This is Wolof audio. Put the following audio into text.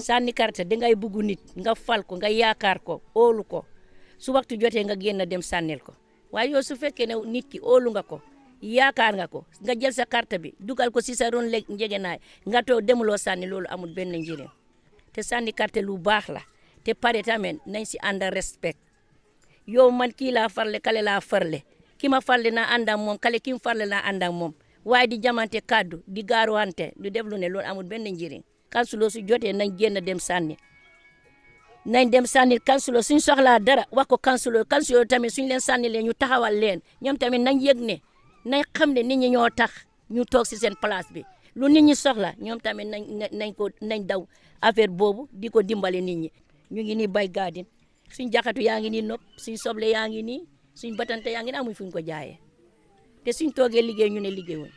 sànni carte ngay bugg nit nga fal ko nga yaakaar ko oolu ko su waxtu jotee nga génn dem sànnil ko waaye yow su fekkee ne nit ki oolu nga ko yaakaar nga ko nga jël sa carte bi dugal ko si sa ron léeg njegenaay nga toog demuloo sànni loolu amul benn njëriñ te sànni carte lu baax la te pare tamit nañ si ànd respect yow man kii laa farle kale laa farle ki ma farle naa ànd ak moom kale ki mu farle naa ànd ak moom waaye di jamante kàddu di gaaruwante du def loolu amul benn njëriñ kansulo su jotee nañ génn dem sànni nañ dem sànni kansulo suñ soxlaa dara wax ko kansulo kansulo tamit suñ leen sànni ñu taxawal leen ñoom tamit nañ yëg ne nañ xam ne nit ñi ñoo tax ñu toog si seen place bi lu nit ñi soxla ñoom tamit nañ ko nañ daw affaire boobu di ko dimbale nit ñi ñu ngi ni bay gaadin suñ jaxatu yaa ngi nii nopp suñ soble yaa ngi nii suñ batante yaa ngi nii amuñ fuñ ko jaayee te suñ toogee liggéey ñu ne liggéey woon